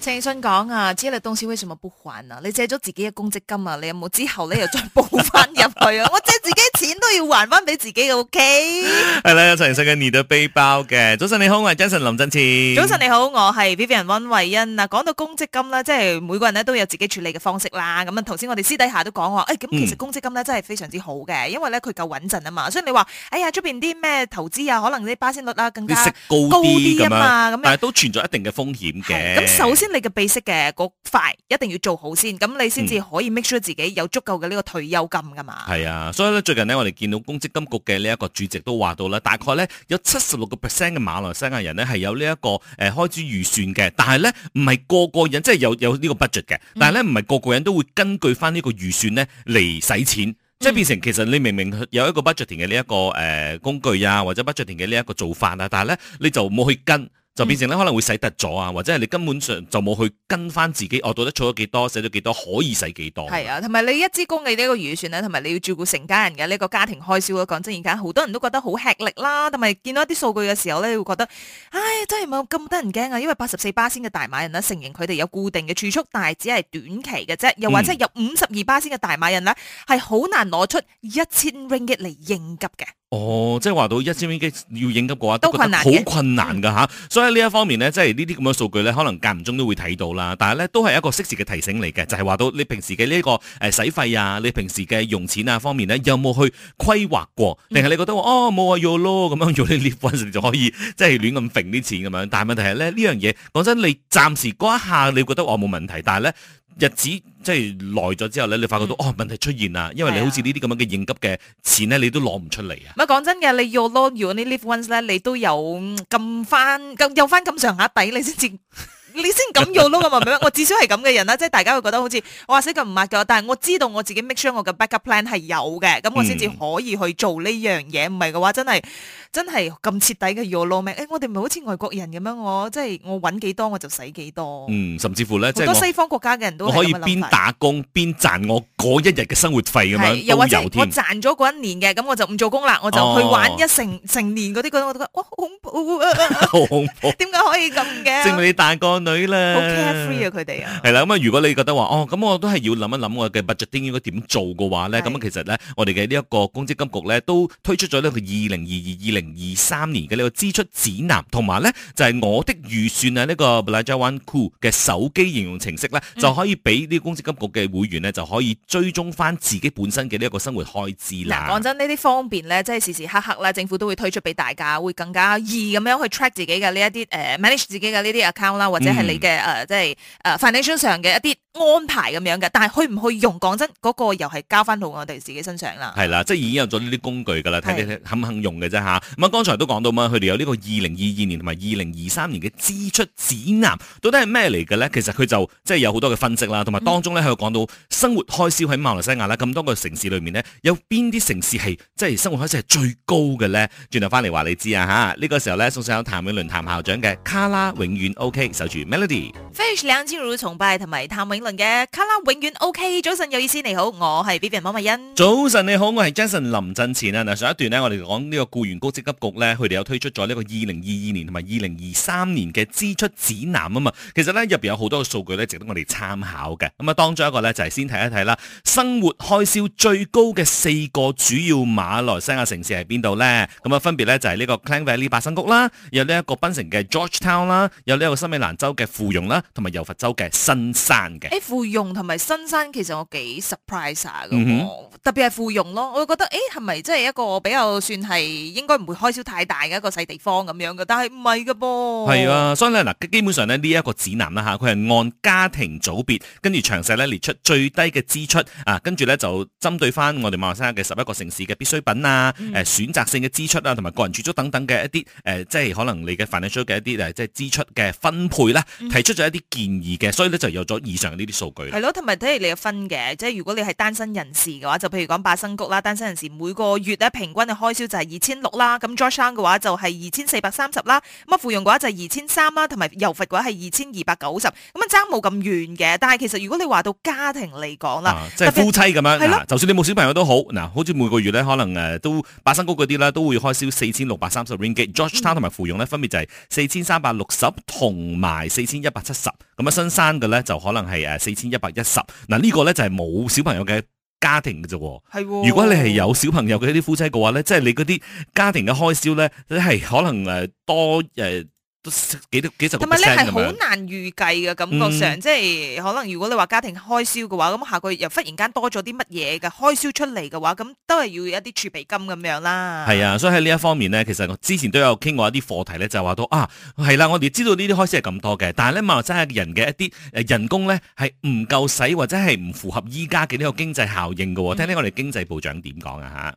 陳奕迅講啊，之類東西為什麼不還啊？你借咗自己嘅公積金啊？你有冇之後咧，又再補翻入去啊？ 我借自己嘅錢都要還翻俾自己嘅，O K。係、okay? 啦， 陳奕迅嘅《你的背包》嘅，早晨你好，我係 Jason 林振翅。早晨你好，我係 Vivian 溫慧欣啊。講到公積金啦，即係每個人咧，都有自己處理嘅方式啦。咁啊，頭先我哋私底下都講話，誒、哎，咁其實公積金咧，真係非常之好嘅，嗯、因為咧佢夠穩陣啊嘛。所以你話，哎呀，出邊啲咩投資啊，可能啲巴仙率啦，更加高啲啊嘛。咁，但係都存在一定嘅風險嘅。咁首先。你嘅備息嘅嗰塊一定要做好先，咁你先至可以 make sure 自己有足夠嘅呢個退休金噶嘛。係啊，所以咧最近呢，我哋見到公積金局嘅呢一個主席都話到啦，大概咧有七十六個 percent 嘅馬來西亞人咧係有呢、這、一個誒、呃、開支預算嘅，但係咧唔係個個人即係、就是、有有呢個 budget 嘅，但係咧唔係個個人都會根據翻呢個預算咧嚟使錢，即係變成、嗯、其實你明明有一個 budgeting 嘅呢一、這個誒、呃、工具啊，或者 budgeting 嘅呢一個做法啊，但係咧你就冇去跟。就變成咧可能會使得咗啊，嗯、或者係你根本上就冇去跟翻自己，我到底儲咗幾多，使咗幾多，可以使幾多？係啊，同埋你一支公嘅呢個預算咧，同埋你要照顧成家人嘅呢、這個家庭開銷咯。講真，而家好多人都覺得好吃力啦，同埋見到一啲數據嘅時候咧，你會覺得唉，真係冇咁得人驚啊！因為八十四巴仙嘅大馬人咧承認佢哋有固定嘅儲蓄，但係只係短期嘅啫。又或者有五十二巴仙嘅大馬人咧，係好、嗯、難攞出一千 ringgit 嚟應急嘅。哦，即係話到一千蚊要應急嘅話，都覺得好困難㗎。吓，嗯、所以呢一方面咧，即係呢啲咁嘅數據咧，可能間唔中都會睇到啦。但係咧，都係一個適時嘅提醒嚟嘅，就係、是、話到你平時嘅呢一個誒使費啊，你平時嘅用錢啊方面咧，有冇去規劃過？定係你覺得哦冇啊，要咯咁樣要啲劣品，成你就可以即係亂咁揈啲錢咁樣？但係問題係咧呢樣嘢，講、這個、真，你暫時嗰一下你覺得我冇問題，但係咧。日子即係耐咗之後咧，你發覺到、嗯、哦問題出現啦，因為你好似呢啲咁樣嘅應急嘅錢咧，啊、你都攞唔出嚟啊！唔係講真嘅，你要 You only live once 咧，你都有咁翻咁有翻咁上下底，你先至。 你先咁用咯， 我至少係咁嘅人啦，即係大家會覺得好似我話死咁唔抹嘅，但係我知道我自己 make sure 我嘅 backup plan 係有嘅，咁我先至可以去做呢樣嘢。唔係嘅話，真係真係咁徹底嘅用 loan，我哋唔係好似外國人咁樣，我即係我搵幾多我就使幾多、嗯。甚至乎咧，好多西方國家嘅人都我可以邊打工邊賺我嗰一日嘅生活費咁樣，又或者都有添。我賺咗嗰一年嘅，咁我就唔做工啦，我就去玩一成、哦、成年嗰啲，嗰我，我覺得哇好恐怖、啊、 好恐怖，點解 可以咁嘅？ 正大女啦，好 carefree 啊！佢哋啊，係啦，咁啊，如果你覺得話，哦，咁我都係要諗一諗我嘅 budget 應該點做嘅話咧，咁是其實咧，我哋嘅呢一個公積金局咧都推出咗呢個二零二二、二零二三年嘅呢個支出指南，同埋咧就係、是、我的預算啊，呢個 Belanjawanku 嘅手機應用程式咧、嗯、就可以俾呢個公積金局嘅會員咧就可以追蹤翻自己本身嘅呢一個生活開支啦。嗱、嗯，講真呢啲方便咧，即係時時刻刻呢，政府都會推出俾大家，會更加易咁樣去 track 自己嘅呢一啲 manage 自己嘅呢啲 account 啦，或者。係你嘅，誒，即係誒 financial 上嘅一啲。安排咁樣嘅，但係去唔去用？講真，嗰、那個又係交翻到我哋自己身上啦。係啦，即係已經有咗呢啲工具噶啦，睇睇肯唔肯用嘅啫吓。咁啊，剛才都講到嘛，佢哋有呢個二零二二年同埋二零二三年嘅支出展南，到底係咩嚟嘅咧？其實佢就即係有好多嘅分析啦，同埋當中咧佢講到生活開銷喺馬來西亞啦，咁多個城市裏面呢，有邊啲城市係即係生活開銷係最高嘅咧？轉頭翻嚟話你知啊吓，呢、這個時候咧送上有譚美倫譚校長嘅《卡拉永遠 OK 守住 Melody》。f i 崇拜同埋譚嘅卡拉永遠 OK，早晨有意思，你好，我係 B B 馬文欣。早晨你好，我係 Jason 林振前啊！嗱，上一段我們說這個局呢，我哋講呢個僱員公積金局咧，佢哋有推出咗呢個二零二二年同埋二零二三年嘅支出指南啊嘛。其實呢，入邊有好多嘅數據咧，值得我哋參考嘅。咁啊，當中一個咧就係、是、先睇一睇啦，生活開銷最高嘅四個主要馬來西亞城市係邊度咧？咁啊，分別咧就係呢個 Klang Valley、巴生谷啦，有呢一個檳城嘅 George Town 啦，有呢個新美蘭州嘅芙蓉啦，同埋柔佛州嘅新山嘅。誒芙蓉同埋新山其實我幾、哦、surprise、嗯、哼特別係芙蓉咯，我覺得誒係咪真係一個比較算係應該唔會開銷太大嘅一個細地方咁樣嘅？但係唔係嘅噃。係啊，所以咧嗱，基本上咧呢一個指南啦嚇，佢係按家庭組別跟住詳細咧列出最低嘅支出啊，跟住咧就針對翻我哋馬來西亞嘅十一個城市嘅必需品啊、誒、嗯、選擇性嘅支出啊，同埋個人儲蓄等等嘅一啲誒、呃，即係可能你嘅 financial 嘅一啲即係支出嘅分配啦，提出咗一啲建議嘅，所以咧就有咗以上。呢啲數據，係咯，同埋睇嚟你嘅分嘅，即係如果你係單身人士嘅話，就譬如講巴生谷啦，單身人士每個月咧平均嘅開銷就係二千六啦，咁 Joachim 嘅話就係二千四百三十啦，咁啊芙蓉嘅話就係二千三啦，同埋柔佛嘅話係二千二百九十，咁啊爭冇咁遠嘅。但係其實如果你話到家庭嚟講啦，即係、啊就是、夫妻咁樣，別了就算你冇小朋友都好，嗱，好似每個月咧可能誒都巴生谷嗰啲啦，都會開銷四千六百三十 ringgit，Joachim 同埋芙蓉咧分別就係四千三百六十同埋四千一百七十。咁啊，新生嘅咧就可能係誒四千一百一十，嗱呢個咧就係冇小朋友嘅家庭嘅啫。係，如果你係有小朋友嘅呢啲夫妻嘅話咧，即係你嗰啲家庭嘅開銷咧，你係可能誒多誒。呃都幾多幾十同埋咧係好難預計嘅感覺上，即係可能如果你話家庭開銷嘅話，咁下個月又忽然間多咗啲乜嘢嘅開銷出嚟嘅話，咁都係要一啲儲備金咁樣啦。係啊，所以喺呢一方面咧，其實我之前都有傾過一啲課題咧，就話到啊，係啦，啊，我哋知道呢啲開銷係咁多嘅，但係咧，馬來西亞人嘅一啲誒人工咧係唔夠使或者係唔符合依家嘅呢個經濟效應嘅。嗯、聽聽我哋經濟部長點講啊吓？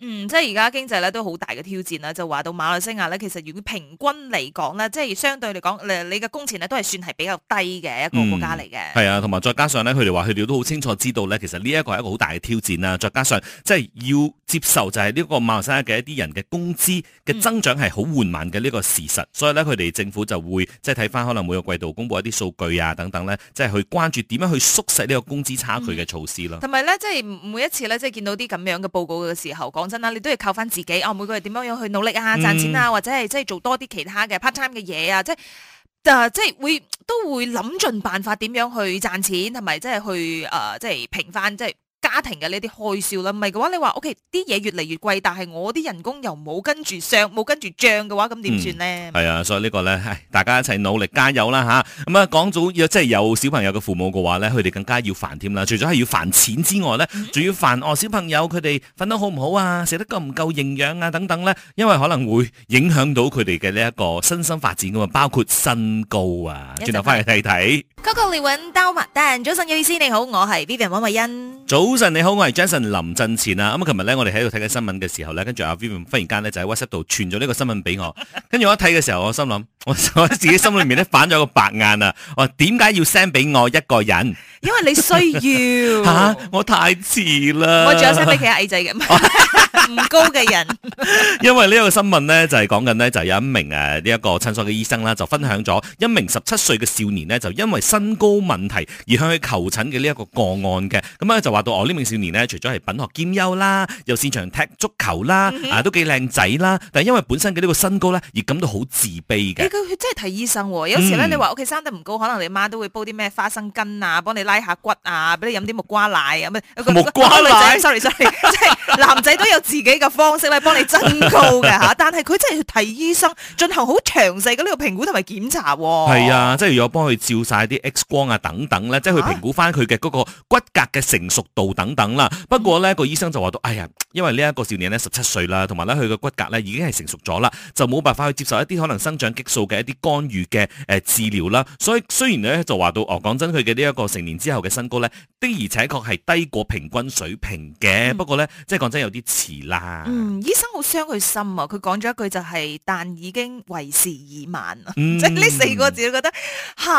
嗯，即係而家經濟咧都好大嘅挑戰啦，就話到馬來西亞咧，其實如果平均嚟講咧，即係相對嚟講，你嘅工錢咧都係算係比較低嘅一個國家嚟嘅。係、嗯、啊，同埋再加上咧，佢哋話佢哋都好清楚知道咧，其實呢一個係一個好大嘅挑戰啦。再加上即係要接受，就係呢個馬來西亞嘅一啲人嘅工資嘅增長係好緩慢嘅呢個事實，嗯、所以咧佢哋政府就會即係睇翻可能每個季度公布一啲數據啊等等咧，即係去關注點樣去縮實呢個工資差距嘅措施咯。同埋咧，即係每一次咧，即係見到啲咁樣嘅報告嘅時候講。真、啊、你都要靠翻自己哦。每個月點樣樣去努力啊，賺、嗯、錢啊，或者係即係做多啲其他嘅、嗯、part time 嘅嘢啊，即係誒，即、呃、係、就是、會都會諗盡辦法點樣去賺錢，同埋即係去誒，即係平翻即係。就是家庭嘅呢啲開銷啦，唔係嘅話，你話 O K 啲嘢越嚟越貴，但係我啲人工又冇跟住上，冇跟住漲嘅話，咁點算咧？係啊，所以呢個咧係大家一齊努力加油啦吓。咁啊，講到即係有小朋友嘅父母嘅話咧，佢哋更加要煩添啦。除咗係要煩錢之外咧，仲要煩哦，小朋友佢哋瞓得好唔好啊，食得夠唔夠營養啊，等等咧，因為可能會影響到佢哋嘅呢一個身心發展噶嘛，包括身高啊，轉頭翻去睇睇。Good morning，刀麥丹，早晨嘅意思，你好，我係 Vivian 王慧欣。早晨你好，我係 Jason 林振前啊，咁啊，琴日咧，我哋喺度睇緊新聞嘅時候咧，跟住阿 Vivian 忽然間咧就喺 WhatsApp 度傳咗呢個新聞俾我。跟住我一睇嘅時候，我心諗，我自己心裏面咧反咗個白眼啊！我點解要 send 俾我一個人？因為你需要吓、 啊，我太遲啦。我仲有 send 俾其他矮仔嘅唔高嘅的人。 因為呢個新聞咧，就係講緊呢，就有一名誒呢一個診所嘅醫生啦，就分享咗一名十七歲嘅少年呢，就因為身高問題而向佢求診嘅呢一個個案嘅。咁咧就話。話到我呢、哦、名少年咧，除咗係品學兼優啦，又擅長踢足球啦，嗯、哼啊都幾靚仔啦。但係因為本身嘅呢個身高咧，而感到好自卑嘅。佢、欸、真係睇醫生、啊，有時咧、嗯、你話屋企生得唔高，可能你媽都會煲啲咩花生根啊，幫你拉下骨啊，俾你飲啲木瓜奶啊。啊木瓜奶、嗯、sorry sorry，即係 男仔都有自己嘅方式咧，幫 你增高嘅吓。但係佢真係要睇醫生，進行好詳細嘅呢個評估同埋檢查、啊。係啊，即係如果幫佢照晒啲 X 光啊等等咧，即、就、係、是、去評估翻佢嘅嗰個骨骼嘅成熟度等等啦，不過呢個醫生就話到，哎呀，因為呢一個少年呢，十七歲啦，同埋呢佢嘅骨骼呢已經係成熟咗啦，就冇辦法去接受一啲可能生長激素嘅一啲干預嘅治療啦。所以雖然呢就話到，哦，講真，佢嘅呢一個成年之後嘅身高呢的而且確係低過平均水平嘅，不過呢，即係講真有啲遲啦。嗯，醫生好傷佢心啊，佢講咗一句就係、是，但已經為時已晚、嗯、即係呢四個字，覺得吓？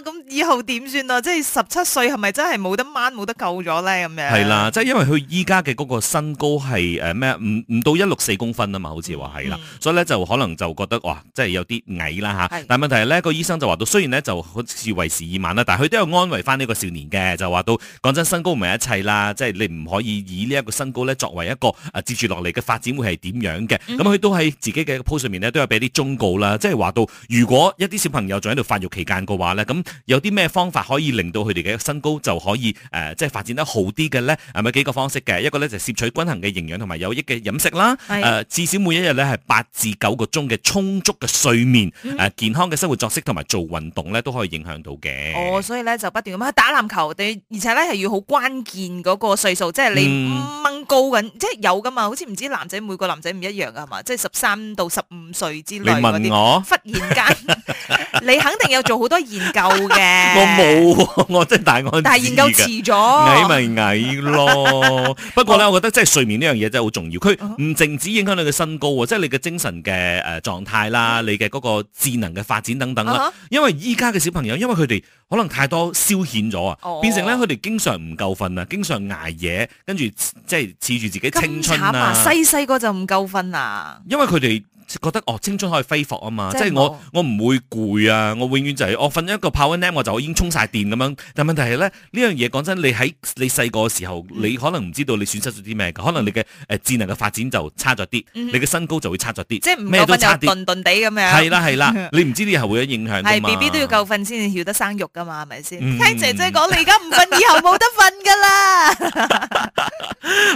咁、啊、以後點算啊？即係十七歲係咪真係冇得掹冇得救？到咗咧咁樣，係啦，即係因為佢依家嘅嗰個身高係誒咩啊？唔、呃、唔到一六四公分啊嘛，好似話係啦，嗯、所以咧就可能就覺得哇，即係有啲矮啦吓。是但係問題係咧，個醫生就話到，雖然咧就好似為時已晚啦，但係佢都有安慰翻呢個少年嘅，就話到講真，身高唔係一切啦，即、就、係、是、你唔可以以呢一個身高咧作為一個誒接住落嚟嘅發展會係點樣嘅。咁佢、嗯、哼都喺自己嘅 post 上面咧都有俾啲忠告啦，即係話到如果一啲小朋友仲喺度發育期間嘅話咧，咁有啲咩方法可以令到佢哋嘅身高就可以誒、呃、即係發展得好啲嘅咧，係咪幾個方式嘅？一個咧就攝取均衡嘅營養同埋有益嘅飲食啦。誒、呃，至少每一日咧係八至九個鐘嘅充足嘅睡眠。誒、嗯啊，健康嘅生活作息同埋做運動咧都可以影響到嘅。哦，所以咧就不斷咁樣，打籃球。你而且咧係要好關鍵嗰個歲數，即係你掹、嗯、高緊，即係有噶嘛？好似唔知男仔每個男仔唔一樣噶係嘛？即係十三到十五歲之類。你問我，忽然間。 你肯定有做好多研究嘅， 我冇，我真係大案，但係研究遲咗矮咪矮咯。 不過咧，oh. 我覺得即係睡眠呢樣嘢真係好重要，佢唔淨止影響你嘅身高啊，uh huh. 即係你嘅精神嘅誒狀態啦，uh huh. 你嘅嗰個智能嘅發展等等啦。Uh huh. 因為依家嘅小朋友，因為佢哋可能太多消遣咗啊，uh huh. 變成咧佢哋經常唔夠瞓啊，經常挨夜，跟住即係恃住自己青春慘啊，細細個就唔夠瞓啊，因為佢哋。覺得哦，青春可以揮霍啊嘛，即係我我唔會攰啊，我永遠就係我瞓咗一個 power nap，我就已經充晒電咁樣。但問題係咧，呢樣嘢講真，你喺你細個嘅時候，你可能唔知道你損失咗啲咩嘅，可能你嘅誒智能嘅發展就差咗啲，你嘅身高就會差咗啲，即就差啲，頓頓地咁樣。係啦係啦，你唔知呢後會有影響。B B 都要夠瞓先至曉得生育㗎嘛，係咪先？聽姐姐講，你而家唔瞓，以後冇得瞓㗎啦。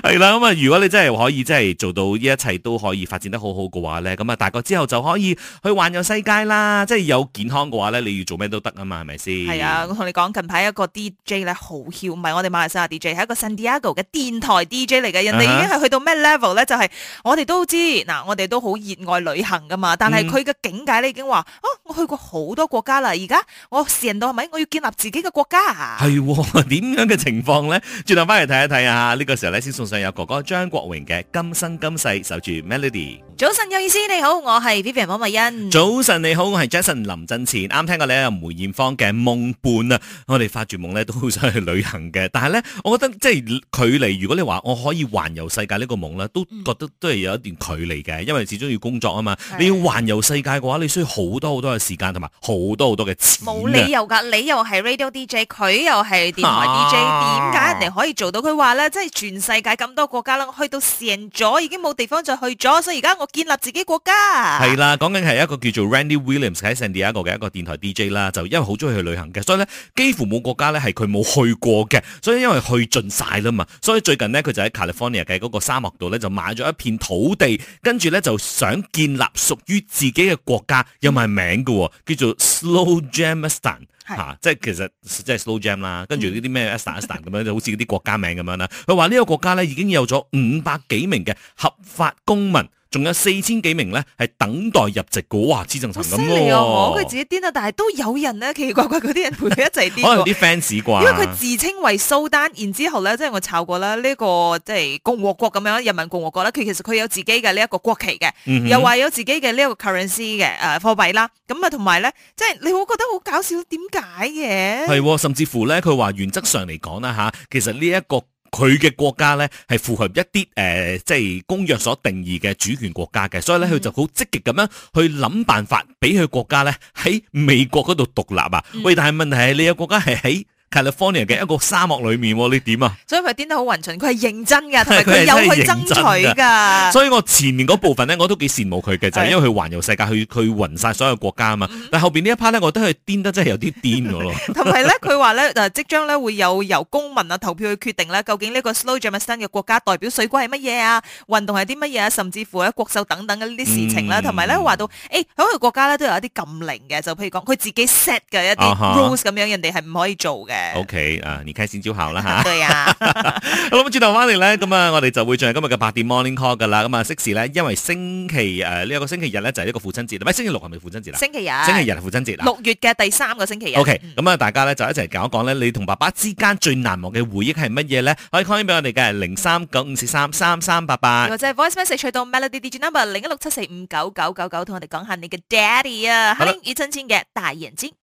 係啦，咁啊，如果你真係可以真係做到呢一切都可以發展得好好嘅話咧，咁啊、嗯，大個之後就可以去環遊世界啦！即係有健康嘅話咧，你要做咩都得啊嘛，係咪先？係啊，我同你講，近排一個 DJ 咧好囂，唔係我哋馬來西亞 DJ，係一個 San Diego 嘅電台 DJ 嚟嘅。人哋已經係去到咩 level 咧？就係、是、我哋都知，嗱，我哋都好熱愛旅行噶嘛。但係佢嘅境界咧，已經話：哦，啊，我去過好多國家啦，而家我成到係咪？我要建立自己嘅國家啊！係點樣嘅情況咧？轉頭翻嚟睇一睇啊！呢看看，這個時候咧，先送上有哥哥張國榮嘅《今生今世》守，守住 Melody。早晨，有意思，你好，我係 Vivian 黃蜜欣。早晨，你好，我係 Jason 林振前。啱聽過咧梅艷芳嘅夢伴啊，我哋發住夢咧都好想去旅行嘅，但係咧，我覺得即係距離。如果你話我可以環遊世界呢個夢咧，都覺得都係有一段距離嘅，因為始終要工作啊嘛。是你要環遊世界嘅話，你需要好多好多嘅時間同埋好多好多嘅錢。冇理由噶，你又係 radio DJ，佢又係電台 DJ，點解人哋可以做到？佢話咧，即係全世界咁多國家啦，我去到成咗，已經冇地方再去咗，所以而家我。建立自己國家係啦，講緊係一個叫做 Randy Williams 喺聖地一個嘅一個電台 DJ 啦，就因為好中意去旅行嘅，所以咧幾乎冇國家咧係佢冇去過嘅，所以因為去盡晒啦嘛，所以最近咧佢就喺 California 嘅嗰個沙漠度咧就買咗一片土地，跟住咧就想建立屬於自己嘅國家，有埋名喎，叫做 Slow Jamistan 是、啊、即係其實即係 Slow Jam 啦，跟住呢啲咩 istan istan 咁樣就好似啲國家名咁樣啦。佢話呢個國家咧已經有咗五百幾名嘅合法公民。仲有四千幾名咧，係等待入籍嘅，哇！資政層咁佢自己癲啦，但係都有人咧奇奇怪怪嗰啲人陪佢一齊癲。 可能啲 fans 啩？因為佢自稱為蘇丹，吧然之後咧，即係我炒過啦、這、呢個即係共和國咁樣，人民共和國咧，佢其實佢有自己嘅呢一個國旗嘅，嗯、哼又話有自己嘅呢一個 currency 嘅貨幣啦。咁啊，同埋咧，即係你會覺得好搞笑，點解嘅？係、哦、甚至乎咧，佢話原則上嚟講啦嚇，其實呢、這、一個。佢嘅國家呢，係符合一啲誒、呃，即係公約所定義嘅主權國家嘅，所以呢，佢就好積極咁樣去諗辦法，俾佢國家呢喺美國嗰度獨立啊！喂，但係問題係你有國家係喺 California 嘅一個沙漠裏面，你點啊？所以佢癲得好暈蠢，佢係認真噶，同埋佢有去爭取噶。所以我前面嗰部分咧，我都幾羨慕佢嘅，就係因為佢環遊世界，去去暈曬所有國家啊嘛。但後邊呢一 part 咧，我覺得佢癲得真係有啲癲個咯。同埋咧，佢話咧，誒即將咧會有由公民啊投票去決定咧，究竟呢個 Slow Jamison 嘅國家代表水果係乜嘢啊？運動係啲乜嘢啊？甚至乎係國手等等嘅呢啲事情啦。同埋咧話到，誒喺佢國家咧都有一啲禁令嘅，就譬如講佢自己 set 嘅一啲 rules 咁樣，人哋係唔可以做嘅。O K 啊，你開始招考啦吓。對呀。咁啊，轉頭翻嚟，咧，咁啊，我哋就會進入今日嘅八點 Morning Call 噶啦。咁啊，即時咧，因為星期誒呢一個星期日咧就係一個父親節啦。唔係星期六係咪父親節啊？星期日，星期日係父親節啊。六月嘅第三個星期日。O K，咁啊，大家咧就一齊講一講咧，你同爸爸之間最難忘嘅回憶係乜嘢咧？可以 call 翻俾我哋嘅零三九五四三三三八八，或者 voice message 取到 Melody Digital Number 零一六七四五九九九九，同我哋講下你嘅 Daddy 啊，好，庾澄慶嘅大眼睛。